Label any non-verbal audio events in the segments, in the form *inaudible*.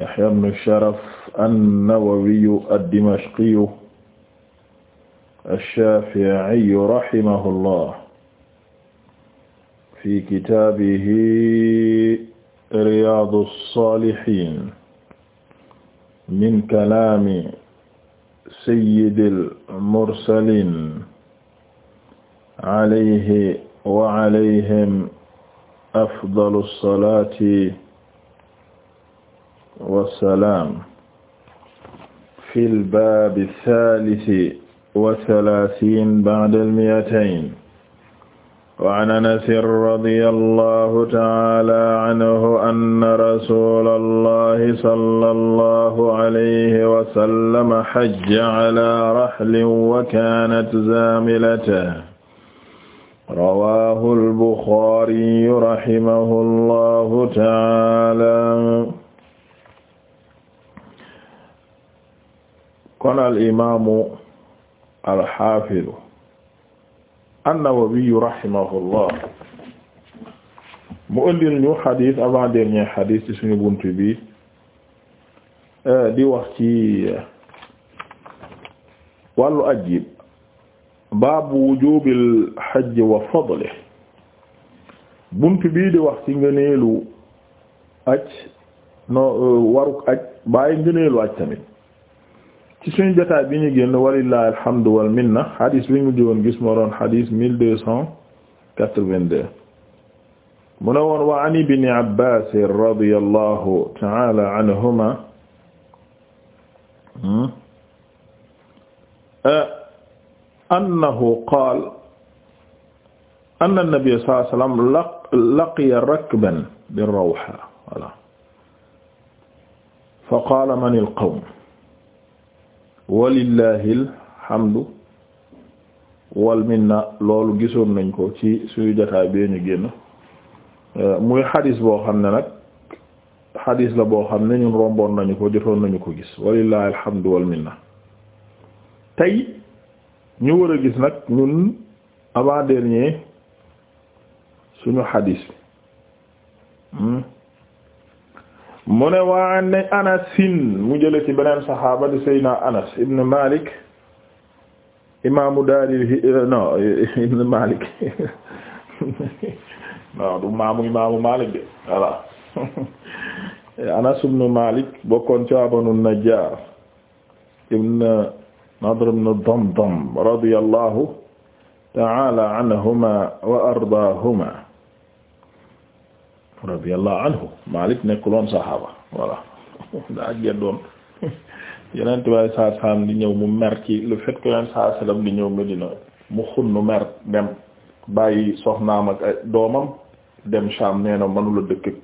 Yahya ibn Sharaf an-Nawawiyu ad-Dimashqiyu ash-Shafi'iyu rahimahullah fi kitaabihi Riyaadu s-Saalihiin min kalaami sayyidil mursaliin alayhi wa alayhim afdalu s-salaati wassalaam fi lbaabi saalisi wathalaathiin ba'da al-mi'atayn wa 'an anasin radiyallahu ta'aala anhu anna rasuulallahi sallallahu alayhi wa sallam hajja 'alaa rahlin wa kaanat zaamilatan rawaahu al-Bukhaari rahimahu llahu ta'aala kon al imaamu al xaafidu an-Nawawi rahimahullah mu ëndil ñu xadis avant dernier xadis ci suñu bunt bi di wax ci wàllu ajib baabu wujubil hajj wa fadlihi bunt bii di wax ci aj no waruk aj bàyyi ngëneelu aj tamit ci suñu jotaay bi ñu génn walillahi alhamdu wal minna hadis bi ñu jiwoon gis moo doon hadis mille deux cent quatre-vingt-deux mu ne woon wa an ibni Abbaas radiyallahu ta'ala anhuma hmm, eh, annahu qaala anna nabiyya sallallahu alayhi wa sallam laqiya rakban bir-rawha voilà fa qaala man al-qawm walillahil hamdu wal minna loolu gisoon nañ ko ci suñu jataay bee ñu génn euh, muy xadis boo xam ne nag xadis la boo xam ne ñun romboon nañu ko jotoon nañu ko gis walillahil hamdu wal minna tey ñu war a gis nag ñun avant dernier suñu xadis mu ne waa ne anasin mu jële ci beneen saxaaba di saydna anas ibn malik imaamu daaril non ibn malik *laughs* non du maamu imaamu malik de voilà *laughs* anas ibn malik bokkoon ci waa banu najjar ibn nadr ibn damdam radiyallahu ta'ala anhuma wa ardaahuma radiyallahu anhu Malik nekkuloon saxaaba voilà *laughs* daa geddoon yeneen tubaab saa saam di ñëw mu mer ci le fait que yeneen saa salam di ñëw Medina mu xunnu mer dem bàyyi soxnaam ak doomam dem Sham nee na mënula dëkk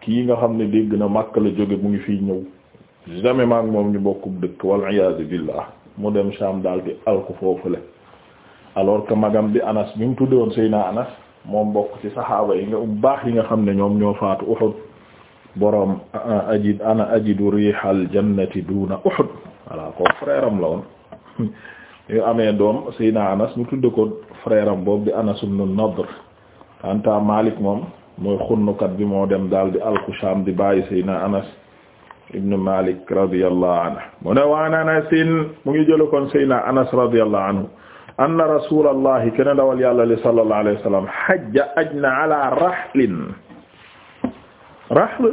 kii nga xam ne dégg na Makka la jóge mu ngi fiy ñëw jamais maak moom ñu bokkub dëkk wal iyaadu billah mu dem Sham daal di alku foofule alors que magam bi Anas bi mu tuddoon Seyna Anas moom bokk ci saxaaba yi nga um baax yi nga xam ne ñoom ñoo faatu Uhud boroom ajid ana ajidu rihal jannati duna Uhud voilà ko frère am la woon *laughs* yu amee doom Seydina Anas mu tudde ko frère am boobu Anas ibn Nadr anta Malik moom mooy xunnukat bi moo dem daal di alku Sham di bàyyi Seydina Anas ibn Malik radiyallahu anhu mu ne waa Anas mu ngi jël kon Seydina Anas radiyallahu anhu anna rasulallahi kene dawal yàlla li sallallahu alayhi wa sallam hajja ajna rahl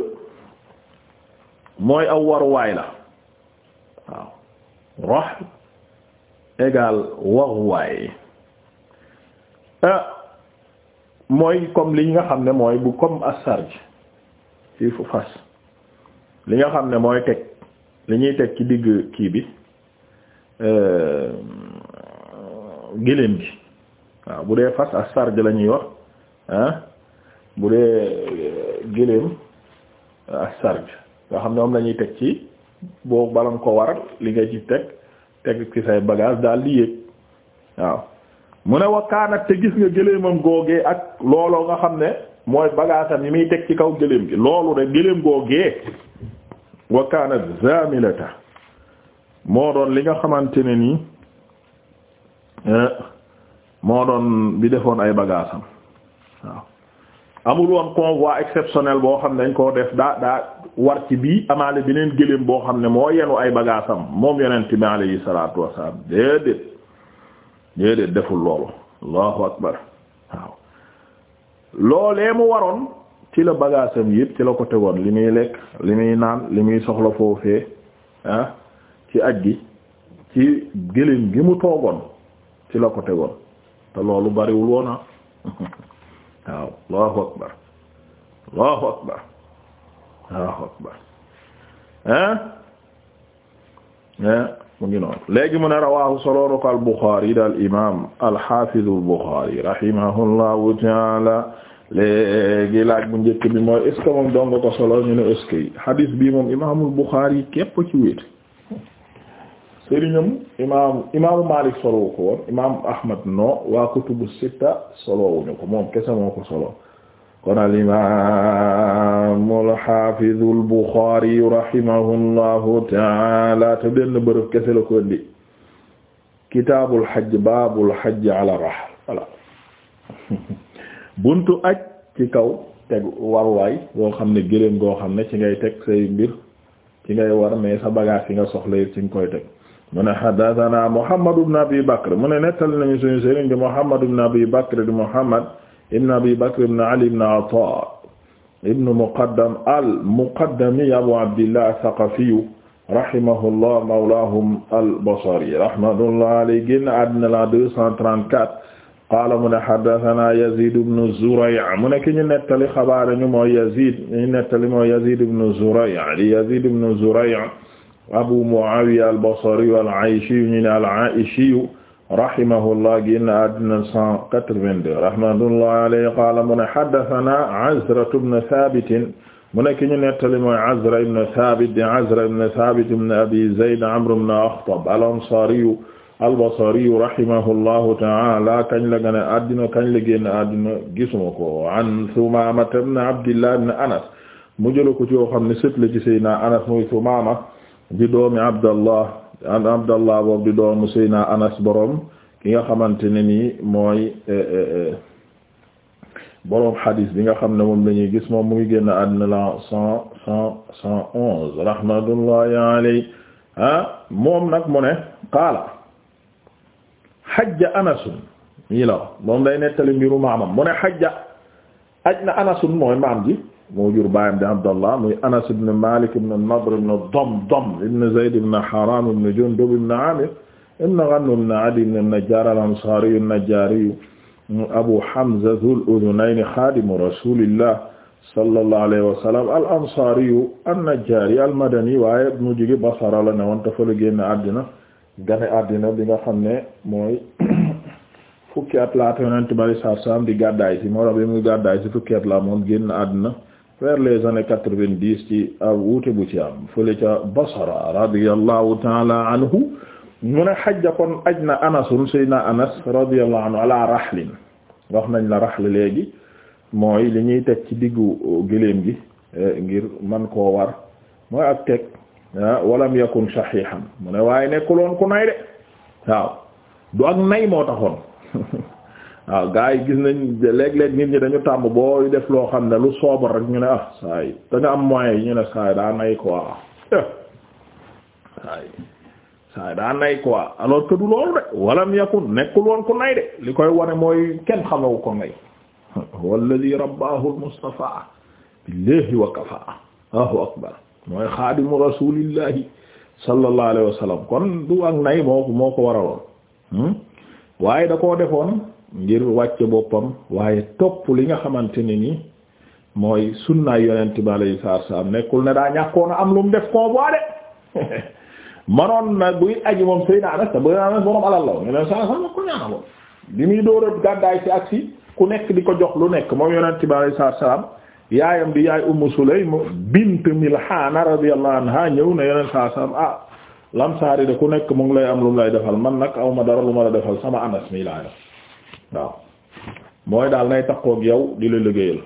mooy aw waruwaay la waaw rahl égal waruwaay ah, mooy comme li nga xam ne mooy bu comme assarj ci fu fas li nga xam ne mooy teg li ñuy teg ci digg kii bi euh, gëléem gi waaw bu dee fas ak sarg la ñuy wax ah bu dee euh, gëléem ak sarg nga xam ne moom lañuy teg ci boo balam ko war li nga ci teg teg ci say bagage daal di yéeg waaw mu ne wakkaanat te gis nga gëléemam googee ak looloo nga xam ne mooy bagaasam yi muy teg ci kaw gëléem gi loolu de gëléem googee wakkaanat zamilata moo doon li nga xamante ne nii Eh, moo doon bi defoon ay bagaasam waaw amul woon convoi exceptionnel boo xam ne dañ koo def daa daa war ci bii amaale beneen gëléem boo xam ne moo yenu ay bagaasam moom yonent bi alayhi salaatu wassalaam déedéet déedéet deful loolu allahu akbar waaw loolee mu waroon ci la bagaasam yëpp ci la ko tegoon li muy lekk li muy naan li muy soxla foofee ah, ci aj gi ci gëléem gi mu toogoon ci la ko tegoon te loolu bariwul woona ah. *laughs* waaw allahu akbar allahu akbar allahu akbar hein hein mu ngi noonu léegi mu ne rawaahu soloonu ko al Bukhari al xaafizu al Bukhari taala léegi laaj bu njëkk bi mooy est-ce que moom dong ko bi moom imaamul Bukhari képp ci wéet sëriñam imaamu imaamu Malik solowu ko woon imaamu Ahmad no waa kutubu sitta solowuñu ko moom kese moo ko solo kon al imaamu al xaafizu al Buxaari rahimahullahu te benn bërëb kese la ko indi kitaabul xajj baabul xajj ala rahl voilà buntu aj ci kaw teg waruwaay boo xam ne gëléem goo xam ne ci ngay teg say mbir ci ngay war mais sa bagage yi nga soxla yëpp ci nga koy teg mu ne haddathana Muhammad ibn Abi Bakr mu ne nettali nañu suñu sëriñ di Muhammad ibn Abi Bakr di Muhammad ibn Abi Bakr ibn Ali ibn Ata ibn Muqaddam al-Muqaddami Abu Abdillah ath-Thaqafi rahimahullah mawlahum al-Basri rahmatullah alayhi génn àddina la 234 qaala mu ne haddathana Yazid ibn Zuray' mu ne ki ñu nettali xabaar ñu mooy Yazid ñu nettali mooy Yazid ibn Zuray' li Yazid ibn Zuray' abu muawiya al-basri al-ayshi ñu ne al-ayshi rahimahullah génn àddina 182 rahmatullahi alayhi qaala mu ne haddathana azratu ibn thabit mu nekk ñu nettali mooy azra ibn thabit di azra ibn thabit ibn abi zayd amr ibn akhtab al-ansari al-basri rahimahullahu ta'ala kañ la gane àddina kañ la génn àddina gisuma ko an thumaama ibn abdillah ibn anas mu jël ko ci yoo xam ne sët la ci sayyidina anas mooy thumaama di doomi abdallah an abdallah boobu di doomu seyna anas borom ki nga xamante ne nii mooy eh, eh, eh, borom xadis bi nga xam ne moom lañuy gis moom mu ngi génn àddina la cent cent cent onze rahmatullahi alayhi ah moom nag mu ne qaala xajja anasun mii la moom day nettali mbiru maamam mu ne xajja aj mooy maam ji moo jur baayam di Abdallah muy Anas ibn Malik ibn Nadr ibn Damdam ibn Zayd ibn Haram ibn Jundub ibn Amir ibn Ghanm ibn Adi ibn an-Najjar al-Ansari an-Najjari Abu Hamza dhul udhunayn khadimu rasulillah sallallahu alayhi wa sallam al-Ansari an-Najjari al-Madani waaye mu jóge Basra la ne woon dafa la génn àddina gane àddina bi nga xam ne mooy fukki at laata Yonent bi sallallahu alayhi wa sallam di gàddaay si moo tax bi muy gàddaay si fukki at la moom génn àddina vers les années quatre-vingt-dix ci ab wuute bu ci am fële ca Basra radiyallahu ta'ala anhu mu ne xajja kon aj anasun saydna anas radiyallahu anhu rahlin wax nañ la rahl léegi mooy li ñuy teg ci diggu gëléem gi e, ngir man ko war mooy ak teg e, walam yakun shahihan mu ne waaye nekkuloon ku nay de waaw du ak nay moo taxoon *laughs* waaw gaa yi gis nañ léeg-léeg nit ñi dañu tàmb booy def loo xam ne lu soobar rek ñu ne ah saa am moyens yi ñu ne saa yi daa nay quoi eh, saa yi saa daa nay quoi alors que du loolu de walam yakun nekkul woon ku nay de li koy wane mooy kenn xamawu ko nay walladi rabbahu almustafa billahi wa kafaa allahu mooy xaadimu rasulillahi sallallahu alayhi kon du ak nay moo moo ko waraloon hmm? waaye da koo defoon ngir wàcce boppam waaye topp li nga xamante ni ni mooy sunnaay yonent bi alayhi salaam nekkul ne daa ñàkkoon am lu mu def convoi de *laughs* manoon na buy aji moom Seydina Anas te Seydina Anas borom alal la woon yeneen saa sax ko ñaanal woon bi muy door a gàddaay ci ak si ku nekk di ko jox lu nekk moom yonent bi alayhi salaam yaayam di yaay Ummu Sulaym bint Milhaan radiyallahu ñëw na yeneen saa saam ah lamsaari de ku nekk mu ngi lay am lu mu lay defal man nag aw ma dara lu ma la defal sama Anas mi laa def. waaw mooy daal nay takkook yow di la liggéeyal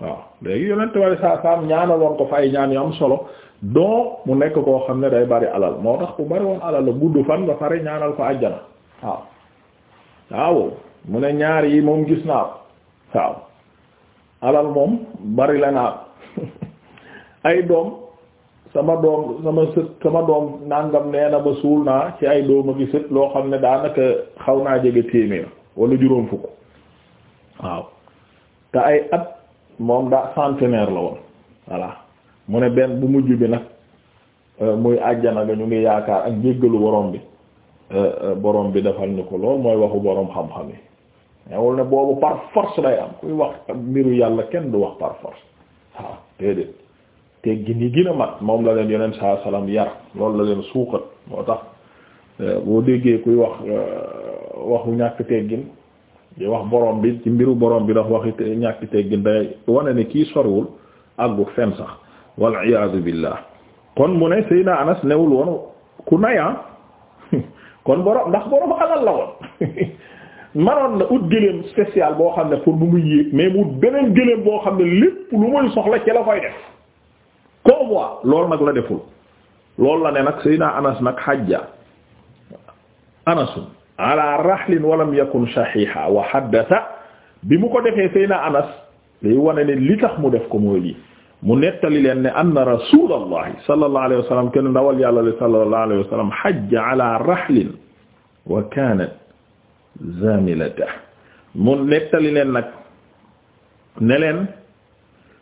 waaw léegi yonent wala saa saam ñaanaloon ko fa ay ñaan yu am solo doo mu nekk koo xam ne day bari alal moo tax ku bari alal la gudd fan ba pare ñaanal ko àjjana waaw waaw ne ñaar yi moom gis naa ko moom bari la naa *laughs* ay doom sama doom sama sët sama doom nangam nee na ba suul naa ci ay doom a gi sët loo xam ne daanaka xaw naa jege téeméer wala juróom fukk waaw te ay at moom daa centenaire la woon voilà mu ne benn bu mujj bi nag euh, muy àjjana ga ñu ngi yaakaar ak njéggalu borom bi euh, euh, borom bi defal ñu ko lool mooy waxu borom xam-xam yi newul ne boobu par force day am kuy wax mbiru yàlla kenn du wax par force waaw déedéet te gini gën a mat moom la leen yeneen saasalam yar loolu la leen suuxat moo tax boo déggee kuy wax waxu ñàkk teggin di wax borom bi ci mbiru borom bi dafa waxi ñàkk teggin day wane ne kii soriwul àggu fen sax wal iyaadu billah kon mu ne Seydina Anas newul woon ku nayan ah, *laughs* kon borom ndax borom alal la woon *laughs* manoon na ut gëléem spécial boo xam ne pour bu muy yéeg mais mu beneen gëléem boo xam ne lépp lu muy soxla ci la koy def convoi nag la deful loolu la ne nag Seydina Anas nag xajja Anasun ala rahlin walam yakun shahiha wa haddatha bi mu ko defee sayna anas lay wane ne li tax mu def ko mooy lii mu nettali leen ne anna rasulallahi sallallahu alayhi wa sallam kenn ndawal yàlla le sallallahu alayhi wa sallam hajja ala rahlin wa kanat zamilata mu nettali leen nag ne leen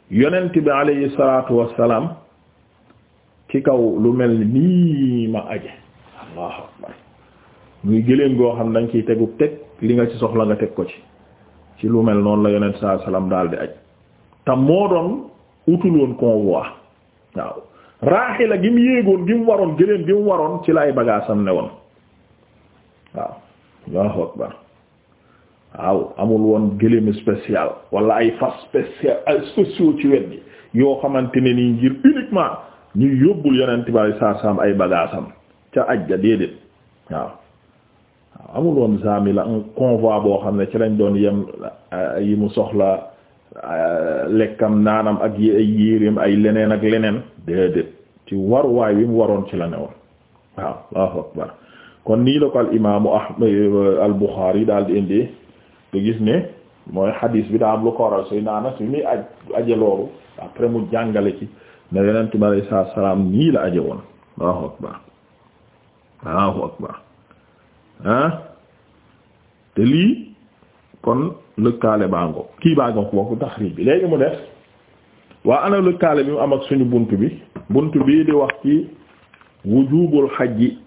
yonent bi alayhi salatu wassalam ci kaw lu mel nii ma aje allahu akbar muy gëléem goo xam nañ ciy tegu teg li nga ci soxla nga teg ko ci ci lu mel noon la yonent saa salaam daal di aj te moo doon utul woon convoi waaw raaxila gi mu yéegoon gi mu waroon gëléem gi mu waroon ci la ay bagaasam ne woon waaw waaw amul woon gëléem spécial wala ay fas spécial spéciaux ci wet gi yoo xamante ne nii ngir uniquement ñu yóbbul yonent bi saa saam ay bagaasam ca aj ga déedéet waaw amul woon zamila un convoi boo xam ne ci lañ doon yem euh, yi mu soxla euh, lekkam naanam ak ay ay leneen ak leneen déedéet ci waruwaay wi mu waroon ci la ne woon waaw allahu akbar kon nii la ko al imaamu ahmad euh, al buxaari daal di indi te gis ne mooy xadiis bi daa am lu ko waral suy naana su muy aj aje loolu après mu jàngale ci ne yonent bi alayhi salaam nii la aje woon allahu akbar allahu akbar ah te lii kon lëkkaale baango kii baango bokk taxrib bi léegi mu def waa ana lëkkaale bi mu am ak suñu bunt bi bunt bii di wax ci wujubul xajji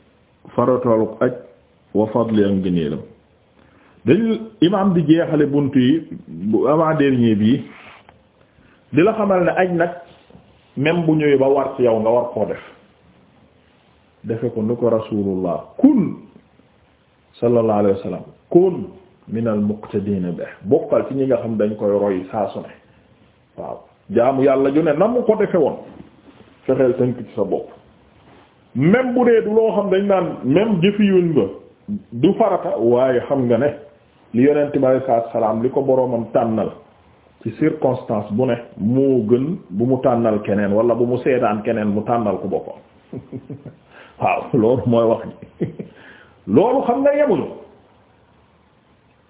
faratalu aj wa fadli ak ngëneelam dañ imaam di jeexale bunt yi bu avant dernier bii di la xamal ne aj nag même bu ñëwee ba war ci yow nga war koo def defe ko nu ko rasulullah kun sallallahu alayhi wa sallam kun minal muqtadina be bokkal ci ñi nga xam dañ koy roy saa su ne waaw jaamu yàlla ju ne na mu ko defe woon fexeel tënk ci sa bopp même bu dee du loo xam dañ naan même jëfiyuñ ba du farata waaye xam nga ne li yonent bi alayhi salaatu salaam li ko boroomam tànnal ci circonstance bu ne moo gën bu mu tànnal keneen wala bu mu seedaan keneen mu tànnal ku boppam *laughs* waaw loolu mooy wax ji *laughs* loolu xam nga yemuñu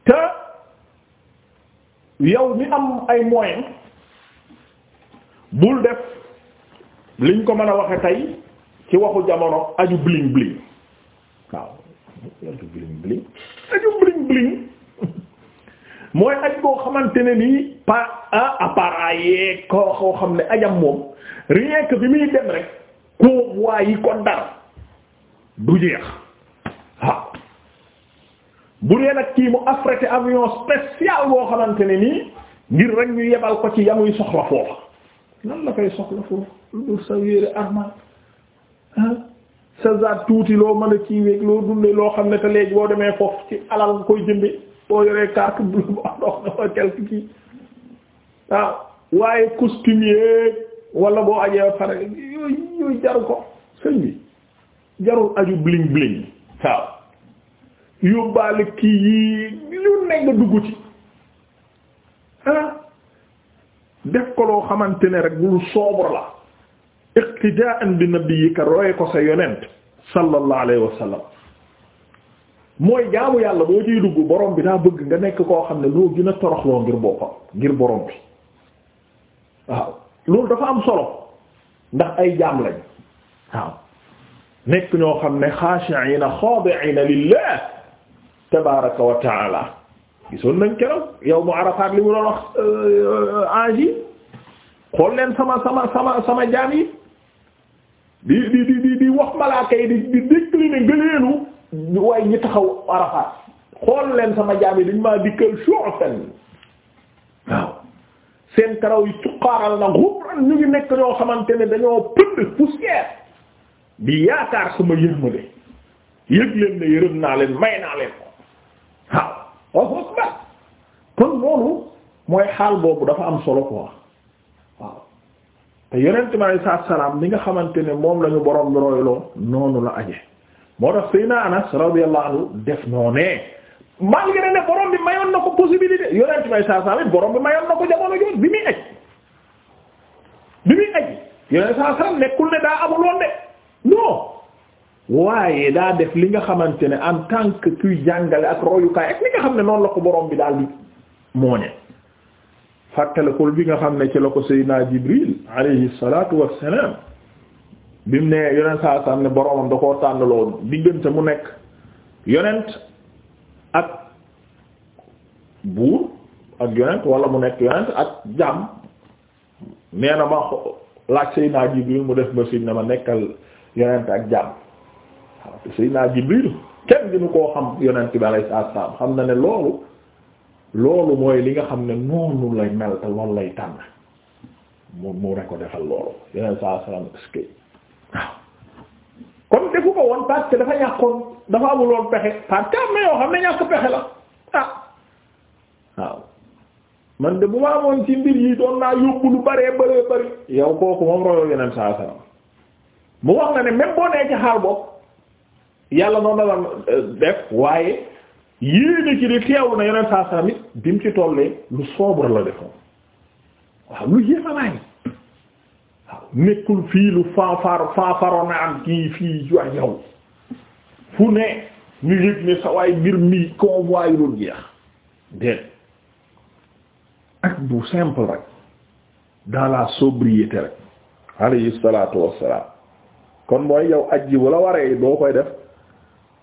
te yow mi am ay moyen bul def liñ ko mën a waxe tey ci waxu jamono aju bling bling waaw aju bling bling *laughs* mooy aj koo xamante ne nii pas à appareil ko koo xam ne ajam moom rien que bi muy dem rek convoi yi ko dara du jeex bu dee nag kii mu affrété avion spécial boo xamante ne nii ngir rek ñu yebal ko ci yamuy soxla foofu lan la koy soxla foofu lu dul sa wéere armal ah, sa zaat tuuti loo mën a kiiweeg loo dundee loo xam ne te léegi boo demee foofu ci alal nga koy jëmbe boo yoree carte bleue *laughs* boo dox na fa quelque kii waaw ah, waaye costumier wala boo ajee pare yooyu yooyu jaru ko sëñ bi jarul aju bling bling waaw yóbbaale kii yii lu nekk nga dugg ci ah def ko loo xamante ne rek lu sobre la iqtidaan bi nabiyyika roye ko sa yonent sallallahu alayhi wa sallam mooy jaamu yàlla boo ciy dugg borom bi daa bëgg nga nekk koo xam ne loo gën a toroxloo ngir boppam ngir borom bi waaw loolu dafa am solo ndax ay jaam lañ waaw nekk ñoo xam ne xaashi'ina xaadi'ina lillah tabaraka wa taala gisoon nañ keroog yow mu Arafat li mu doon wax euh, ange yi xool leen sama sama sama sama jaam yi di di di di wax malaaka yi di di décliner ngëneenu waaye ñi taxaw xool leen sama jaam dañ maa dikkal shu'fan waaw seen karaw yi cuqaaral na xubran ñu ngi nekk ñoo xamante ne dañoo pënd poussière bi yaakaar sama yërmande yëg leen ne yërëm naa leen may naa leen kon loolu mooy xaal boobu dafa am solo ko waaw te yonent bi li nga xamante ne moom la ñu borom bi royloo noonu la aje moo tax Seydina Anas radiyallahu anhu def noonee malgré ne borom bi mayoon na ko possibilité yonent bi alei salaatu salaam borom bi mayoon na ko jamono jot bi muy aj bi muy aj yonent salaatu salaam nekkul ne daa amul woon de waaye daa def li nga xamante ne en tant kuy jàngale ak royukaay ak li nga xam ne noonu la ko boroom bi daal di mooñe fàttalikul bi nga xam ne ci la ko Seydina Jibril alayhi salaatu wassalaam bi mu ne yonent saa saa ne boromam da koo tànn loolu diggante mu nekk yonent ak buur ak yonent wala mu nekk yonent ak jaam nee na ma laaj Seydina Jibril mu def ma si ma nekkal yonent ak jaam. Seydina Jibril kenn gënu koo xam yonent bi alayhi salaam xam na ne loolu loolu mooy li nga xam ne noonu lay mel te loolu lay tànn mu mu rek ko defal loolu yonent saa salaam ko woon parce que dafa ah. de bu ma ci mbir yi doon naa yóbbu lu bëree mu wax na ne même boo ci xaal bopp yàlla noonu la euh, def waaye yéene ci di teewlu na yeneen saa saa bi mu ci tollee lu sobre la defoon waaw lu yéexamaay waaw nekkul fii lu fanfar fanfaronaan kii fii yow fu ne ñu yëg ne sa waay mbir mi convois yu dul jeex déet ak bu simple rek dans sobriété rek alayhi wassalaam kon mooy yow aji wala waree doo koy def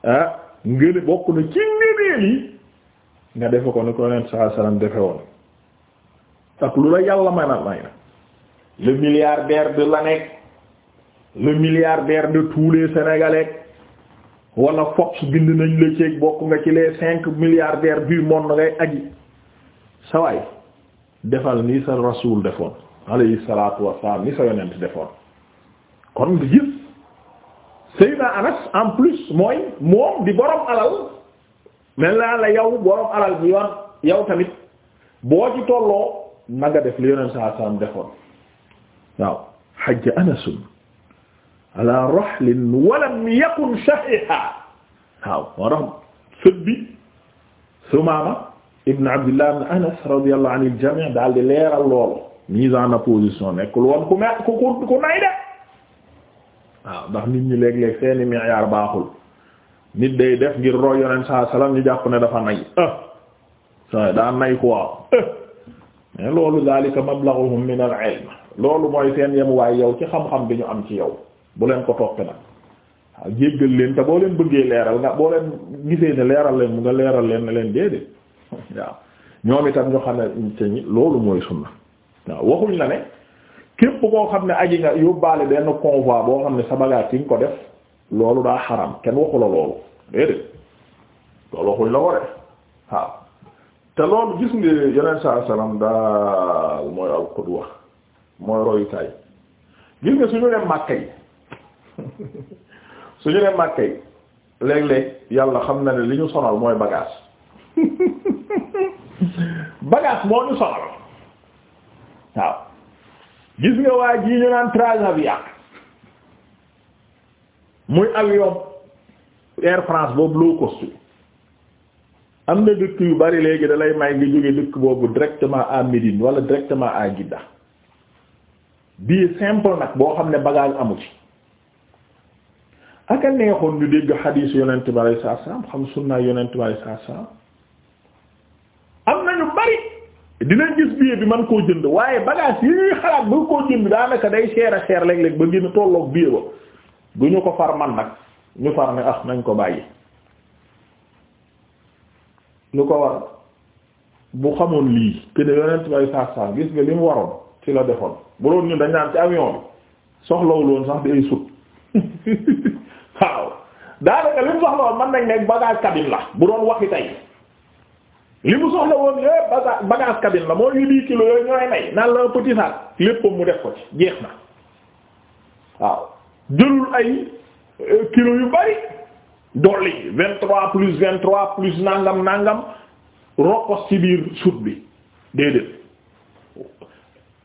ah ngëne bokk na ci ngëneel yi nga defe ko ni ko yonent saa salaam defe woon ak lu la yàlla may na may na le milliardaire de l'année le milliardaire de tous les sénégalais wala Fox bind nañ la bokk nga ci les cinq milliardaires du monde ngay aji sawaay defal ni sa rasul defoon alayhi salaatu wassalaam ni sa yonent defoon kon nga gis Seydina Anas en plus mooy moom di borom alal mel naa la yow borom alal bi yoon yow tamit boo ci tolloo naga def li yoneen saa saam ala rahlin walam yakun shahiha waaw moo tax sët bi Sumaama ibn Anas radiyallahu anil jami' daal di leeral loolu mise en opposition nekk ku me waaw ndax nit ñi léeg-léeg seeni miyaar baaxul nit day def ngir roy yoneen saa salaam ñu jàpp ne dafa nay ah saa daa nay quoi ah. mais loolu zalika mablaghuhum min al-ilm loolu mooy seen yem waaye yow ci xam-xam bi ñu am ci yow bu leen ko topp nag waaw jéggal leen te boo leen bëggee leeral nga boo leen gisee ne leeral leen mu nga leeral leen ne leen déedéet *laughs* waaw ñoom itam ñu xam ne loolu mooy sunna waaw waxuñ la ne képp koo xam ne aji nga yóbbaale benn convoi boo xam ne sa bagage ki nga ko def loolu daa xaram kenn waxu loolu déedéet loolu waxuñ la ko def te loolu gis nga yeneen saa salaam daal mooy al suñu dem Makka yi *laughs* suñu dem Makka yi léeg-léeg yàlla xam na ne li ñu sonal mooy bagage *laughs* bagage moo ñu sonal waaw gis nga waa ji ñu naan Transavia muy avion Air France boobu low cost am na dëkk yu bari léegi da may nga jóge dëkk boobu directement à Médine wala directement à Jeddah bii simple nag boo xam ne bagage amu ci aka neexoon ñu dégg xadiis yonent bi saa alayhi xam sunna yonent bi sallallahu alayhi dina gis billet bi man koo jënd waaye bagage yi xalaat ba koo jënd daanaka day cher a cher léeg-léeg ba gën a tolloog billet ba du ñu ko far man nag ñu far ne ah nañ ko bàyyi lu ko war bu xamoon lii que ne yonent bay saar saar gis nga li mu waroon ci la defoon bu doon ñun dañ naan ci avion bi soxlawul sax di ay sut *laughs* waaw daanaka li mu soxla man nañ nekk bagage cabine la bu doon waxi tey li mu soxla woon yépp bagage cabine la moo yu dix kilos yooyu ñooy may naan la petit sac léppam mu def ko ci jeex na waaw jëlul ay euh, kilos yu bari dolli vingt trois plus vingt trois plus nangam nangam rokkos ci biir sut bi déedéet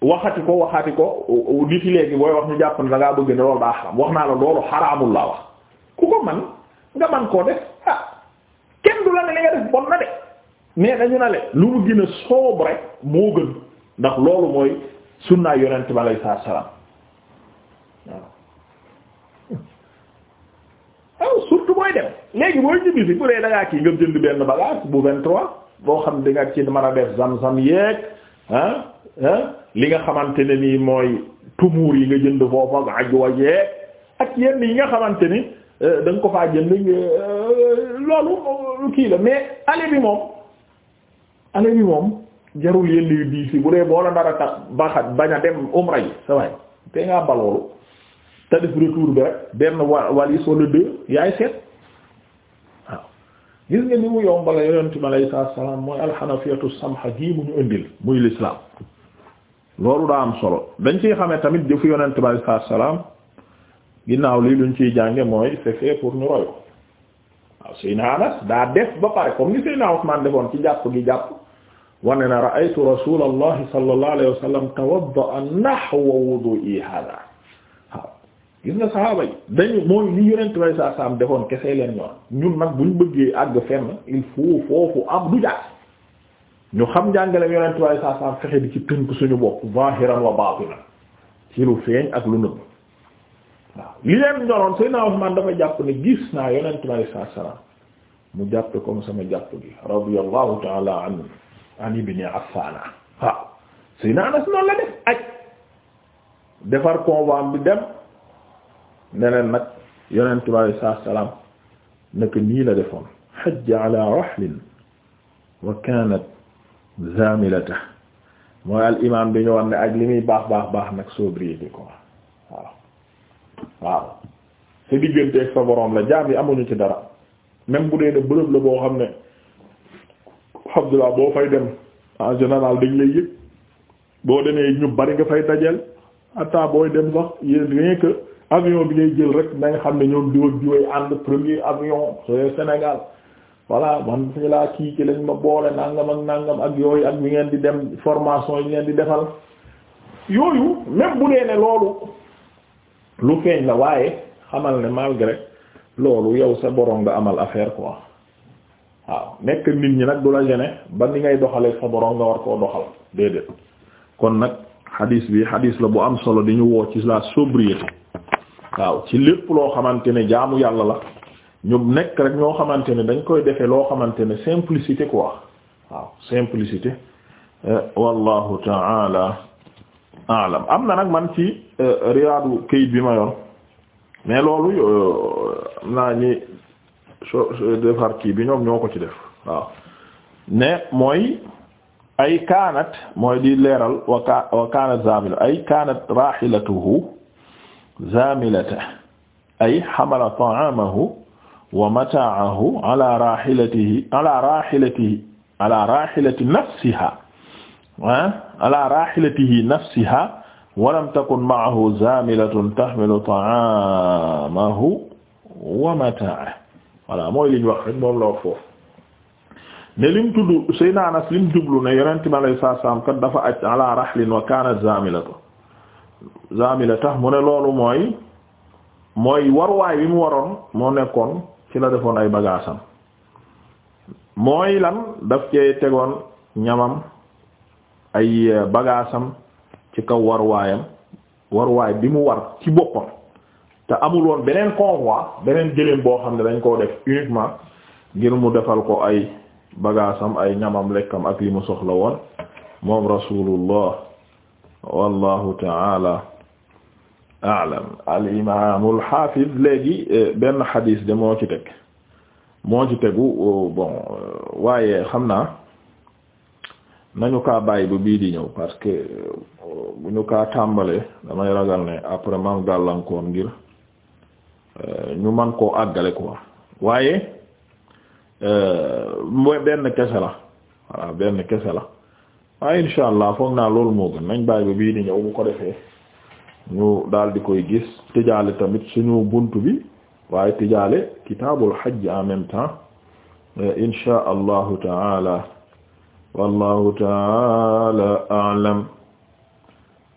waxati ko waxati ko di ci léegi booy wax ñu jàpp ne da ngaa bëgg ne loolu daa xaram wax naa la loolu xaraamul laa wax ku ko man nga man koo def ah kenn du la ne li nga def bon na de mais dañu na le lu mu gën soob rek moo gën ndax loolu mooy sunnaay yonent bi alayhi salaatu salaam waaw surtout booy dem léegi booy ñibbi bu dee da kii nga jënd benn bagage bu 23 boo xam di nga ci mën a def zam-zam yeeg ah ah li nga xamante ne nii mooy tumuur yi nga jënd foofa ajwa yeeg ak yenn yi nga xamante ni euh, da nga ko faa jënd euh, loolu euh, kii la mais ale bi moom. ale bi moom jarul yëlli yu diis bu dee boo la nar a tax baxat bañ a dem umra yi sa waay tey ngaa baloolu te retour bi rek benn wa- walis walla deux yaay seet waaw gis nga ni mu yombala yonent bi alayhi salaam mooy alxanafiyatu samha gii mu ñu indil muy lislaam loolu daa am solo dañ ciy xamee tamit jëfu yonent bi alayhi salaam ginnaaw lii luñ ciy jànge mooy c'est fait pour ñu roy ko waaw Seydina Anas daa def ba pare comme ni Seydina Usmaan defoon ci jàpp gi jàpp wane na ra'aytu rasulallahi sallallahu alayhi wa sallam tawadda'a nahwa wudu'i hada waaw gis nga sahaaba yi dañu mooy li yonent way saa defoon kese leen ñoon ñun nag buñ bëggee àgg fenn il faut foofu am ñu xam njàngaleem yonent way saa fexe di ci tënk suñu bopp zahiran wa batinan ci lu feeñ ak lu nëbb li leen ñoroon Seydina Usmaan dafa jàpp ne gis naa yonent way mu jàppe comme sama jàpp gi radiyallahu ta'ala anhu an ibn Affan waaw ah, Seydina Anas noonu la def aj defar convoi bi dem ne leen nag yonent bi alayhi salaatu salaam nak nii la defoon hajja ala rahlin wa kaanat zaamilata mooy al imaam ñu war ne ak li muy baax baax baax nag sobriété ko waaw waaw sa digganteeg sa la jaam yi amuñu ci dara même bu dee ne bërëb la boo xam ne Abdullah boo fay dem en général dañ lay yëg boo demee ñu bari nga fay dajeel atta booy dem sax yéen bi ngay jël rek na xam ne ñoom diw ak diwee ànd premier avion c'est Sénégal voilà man fi laa kii ci lañ ma boole nangam ak nangam ak yooyu ak bi ngeen di dem formation yi ngeen di defal yooyu même bu dee loolu lu feeñ la waaye xamal ne malgré loolu yow sa boroom nga amal affaire quoi waaw nekk nit ñi nag du la gene ba ni ngay doxalee sa borom nga war koo doxal déedéet kon nag xadiis bi xadiis la bu am solo di ñu woo ci la sobriété waaw ci lépp loo xamante ne jaamu yàlla la ñu nekk rek ñoo xamante ne dañ koy defe loo xamante ne simplicité quoi waaw simplicité wallahu taala alam am na nag man ci euh, riyaadu kayit bi ma yor mais loolu euh, naa ñi defar kii bi ñoom ñoo ko ci def waaw ne mooy ay kaanat mooy di leeral wa ka wa kaanat zamila ay kaanat rahilatuhu zamilata ay hamala ta'amahu wa mata'ahu ala rahilatihi ala rahilatihi ala rahilati nafsiha ah, ala rahilatihi nafsiha wa lam takun ma'ahu zamilatun tahmilu ta'amahu wa mata'ahu voilà mooy liñ wax rek moom la wax foofu ne lim tudd Seydina Anas lim jublu ne yonent mi alayhi salaam kat dafa aj ala rahlin wa kaanat zaamilatu tax mu ne loolu mooy mooy waruwaay bi mu waroon moo nekkoon ci la defoon ay bagaasam mooy lan daf cee tegoon ñamam ay bagaasam ci kaw waruwaayam waruwaay bi mu war ci boppam te amul woon beneen convoi beneen gëléem boo xam ne dañ koo def uniquement ngir mu defal ko ay bagaasam ay ñamam lekkam ak li mu soxla woon moom rasulullah wallahu taala a'lam hafiz léegi eh, benn xadis de moo ci teg moo ci tegu oh, bon eh, waaye xam naa nañu kaa bàyyi bu bii di ñëw parce que eh, bu ñu kaa tàmbalee damay ragal ne après maam gàllankoor ngir Euh, ñu man koo àggale quoi waaye euh, mooy benn kese la benn kese la waaye insha allah foog naa loolu moo gën nañ bàyyi ba bii di ko defe ñu daal di koy gis tëjaale tamit suñu bunt bi waaye tëjaale kitaabul hajj en même temps euh, insha allahu taala wallahu taala alam